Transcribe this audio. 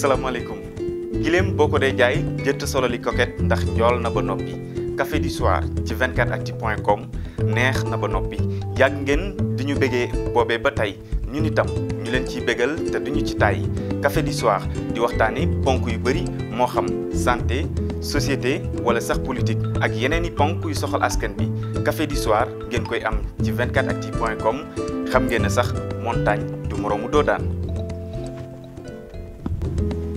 salaamaaleykum giléem boo ko dee jaay jëtt solo li ndax njool na ba noppi café du soir ci 24actu point com neex na ba noppi yàgg ngeen di ñu bëggee boobee ba tey ñun itam ñu leen ciy bégal te duñu ci tàyyi café du soir di waxtaani bonk yu bëri moo xam santé société wala sax politique ak yeneen i ponk yu soxal askan bi café du soir ngeen koy am ci 24actu point com xam ngeen ne sax montagne du moroomu daan Touba.